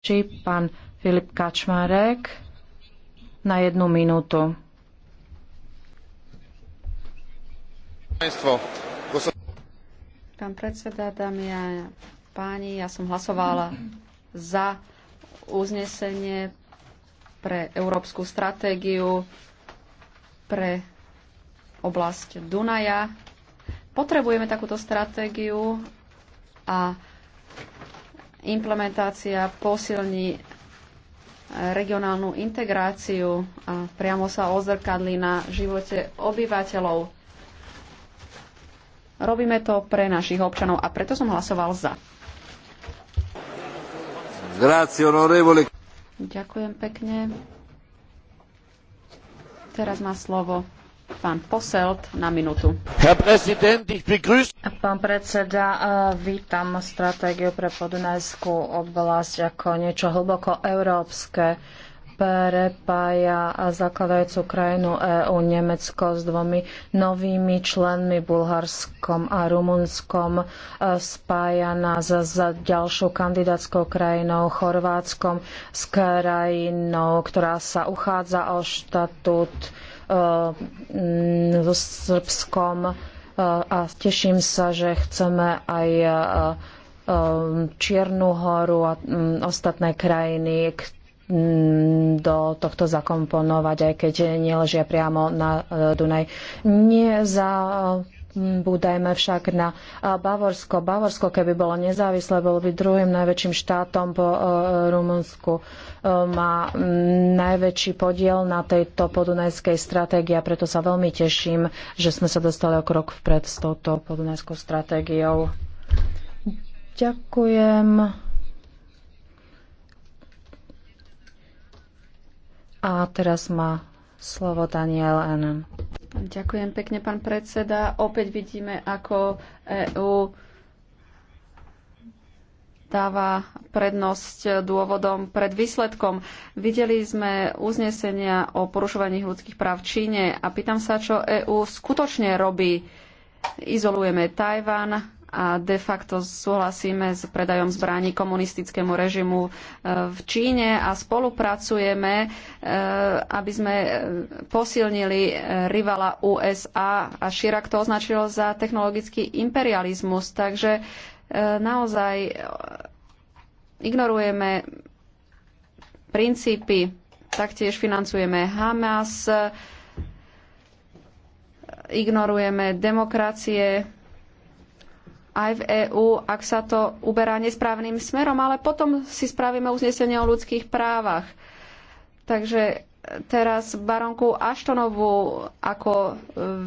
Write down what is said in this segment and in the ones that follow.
či pán Filip Kačmarek na jednu minútu. Pán predseda, dámy a páni, ja som hlasovala za uznesenie pre európsku stratégiu pre oblasť Dunaja. Potrebujeme takúto stratégiu a implementácia posilní regionálnu integráciu a priamo sa ozrkadlí na živote obyvateľov. Robíme to pre našich občanov a preto som hlasoval za. Grazie, onorevole. Ďakujem pekne. Teraz má slovo Pán Poselt na minútu. Pán predseda, vítam stratégiu pre podunajskú oblasť ako niečo hlboko európske prepája zakladajúcu krajinu EÚ Nemecko s dvomi novými členmi Bulharskom a Rumunskom spája nás s ďalšou kandidátskou krajinou Chorvátskom s krajinou, ktorá sa uchádza o štatút Eh, so Srbskom eh, a teším sa, že chceme aj eh, Čiernu horu a mm, ostatné krajiny mm, do tohto zakomponovať, aj keď neležia priamo na Dunaj. Nie za Budajme však na Bavorsko. Bavorsko, keby bolo nezávislé, bolo by druhým najväčším štátom po e, Rumunsku. E, má mm, najväčší podiel na tejto podunajskej stratégii a preto sa veľmi teším, že sme sa dostali o krok vpred s touto podunajskou stratégiou. Ďakujem. A teraz má slovo Daniel Anan. Ďakujem pekne, pán predseda. Opäť vidíme, ako EÚ dáva prednosť dôvodom pred výsledkom. Videli sme uznesenia o porušovaní ľudských práv v Číne a pýtam sa, čo EÚ skutočne robí. Izolujeme Tajván, a de facto súhlasíme s predajom zbraní komunistickému režimu e, v Číne a spolupracujeme, e, aby sme e, posilnili rivala USA a Širak to označilo za technologický imperializmus. Takže naozaj ignorujeme princípy, taktiež financujeme Hamas, ignorujeme demokracie, aj v EÚ, ak sa to uberá nesprávnym smerom, ale potom si spravíme uznesenie o ľudských právach. Takže teraz baronku Aštonovú ako e,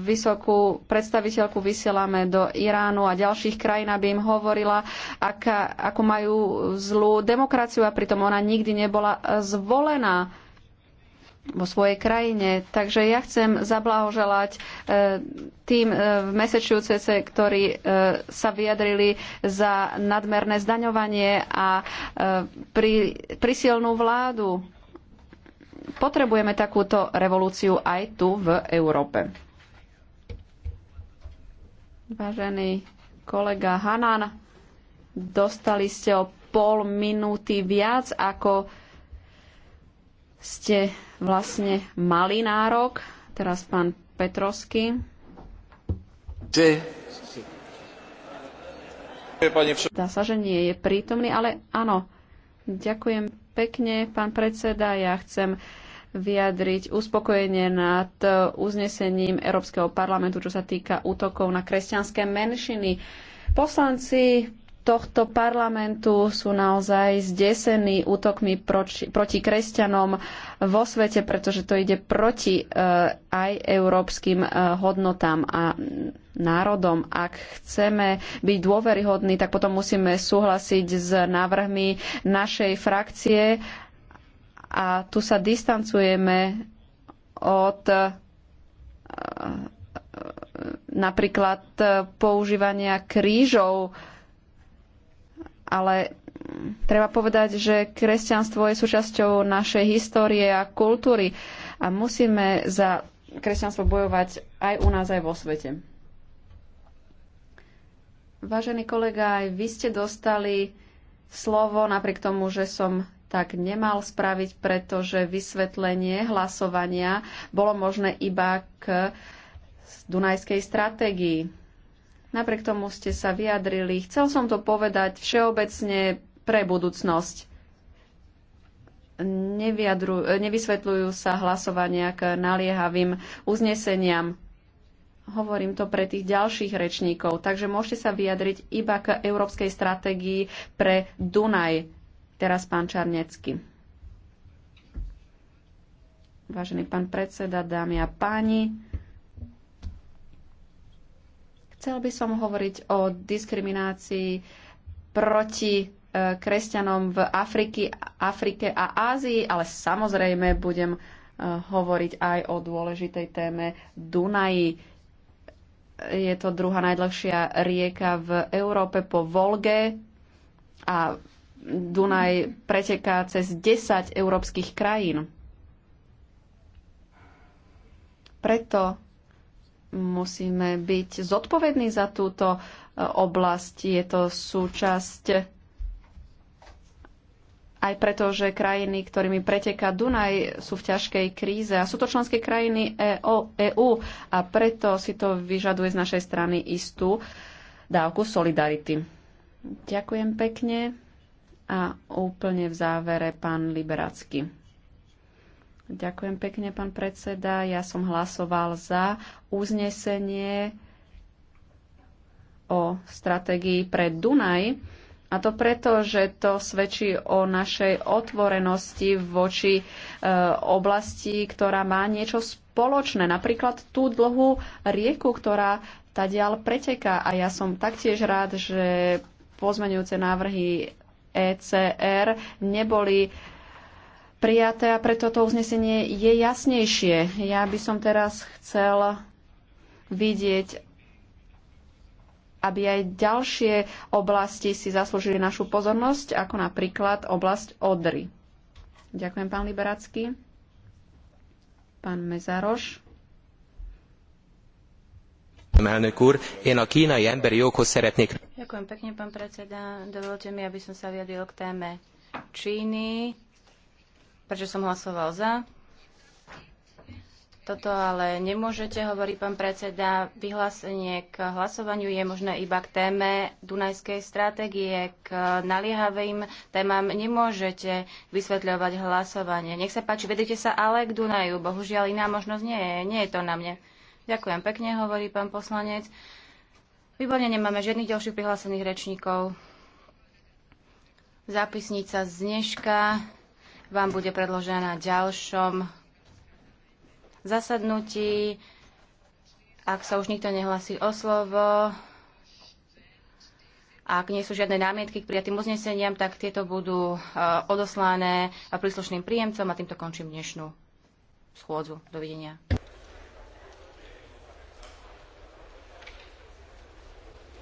vysokú predstaviteľku vysielame do Iránu a ďalších krajín, aby im hovorila, ako majú zlú demokraciu a pritom ona nikdy nebola zvolená vo svojej krajine. Takže ja chcem zablahoželať e, tým e, v Massachusetts, ktorí e, sa vyjadrili za nadmerné zdaňovanie a pri, prisilnú vládu. Potrebujeme takúto revolúciu aj tu v Európe. Vážený kolega Hanan, dostali ste o pol minúty viac ako ste vlastne mali nárok. Teraz pán Petrovský. Dá sa, že nie je prítomný, ale áno. Ďakujem pekne, pán predseda. Ja chcem vyjadriť uspokojenie nad uznesením Európskeho parlamentu, čo sa týka útokov na kresťanské menšiny. Poslanci tohto parlamentu sú naozaj zdesení útokmi proči, proti kresťanom vo svete, pretože to ide proti e, aj európskym e, hodnotám a národom. Ak chceme byť dôveryhodní, tak potom musíme súhlasiť s návrhmi našej frakcie a tu sa distancujeme od e, e, napríklad používania krížov ale treba povedať, že kresťanstvo je súčasťou našej histórie a kultúry a musíme za kresťanstvo bojovať aj u nás, aj vo svete. Vážený kolega, aj vy ste dostali slovo, napriek tomu, že som tak nemal spraviť, pretože vysvetlenie hlasovania bolo možné iba k Dunajskej stratégii. Napriek tomu ste sa vyjadrili. Chcel som to povedať všeobecne pre budúcnosť. Nevyjadru, nevysvetľujú sa hlasovania k naliehavým uzneseniam. Hovorím to pre tých ďalších rečníkov, takže môžete sa vyjadriť iba k európskej stratégii pre Dunaj. Teraz pán Čarnecký. Vážený pán predseda, dámy a páni, Chcel by som hovoriť o diskriminácii proti e, kresťanom v Afriky, Afrike a Ázii, ale samozrejme budem e, hovoriť aj o dôležitej téme Dunaji. Je to druhá najdlhšia rieka v Európe po Volge a Dunaj preteká cez 10 európskych krajín. Preto musíme byť zodpovední za túto e, oblasť. Je to súčasť aj preto, že krajiny, ktorými preteká Dunaj, sú v ťažkej kríze a sú to členské krajiny EÚ e a preto si to vyžaduje z našej strany istú dávku solidarity. Ďakujem pekne a úplne v závere pán Liberacký. Ďakujem pekne, pán predseda. Ja som hlasoval za uznesenie o stratégii pre Dunaj. A to preto, že to svedčí o našej otvorenosti voči e, oblasti, ktorá má niečo spoločné. Napríklad tú dlhú rieku, ktorá ďal preteká. A ja som taktiež rád, že pozmeňujúce návrhy ECR neboli prijaté a preto to uznesenie je jasnejšie. Ja by som teraz chcel vidieť, aby aj ďalšie oblasti si zaslúžili našu pozornosť, ako napríklad oblasť Odry. Ďakujem, pán Liberacký. Pán Mezaroš. Ďakujem pekne, pán predseda. Dovolte mi, aby som sa vyjadil k téme Číny prečo som hlasoval za. Toto ale nemôžete, hovorí pán predseda. Vyhlásenie k hlasovaniu je možné iba k téme Dunajskej stratégie. K naliehavým témam nemôžete vysvetľovať hlasovanie. Nech sa páči, vedete sa ale k Dunaju. Bohužiaľ, iná možnosť nie je. Nie je to na mne. Ďakujem pekne, hovorí pán poslanec. Výborne, nemáme žiadnych ďalších prihlásených rečníkov. Zápisnica z dneška vám bude predložená na ďalšom zasadnutí. Ak sa už nikto nehlasí o slovo, ak nie sú žiadne námietky k prijatým uzneseniam, tak tieto budú e, odoslané príslušným príjemcom a týmto končím dnešnú schôdzu. Dovidenia.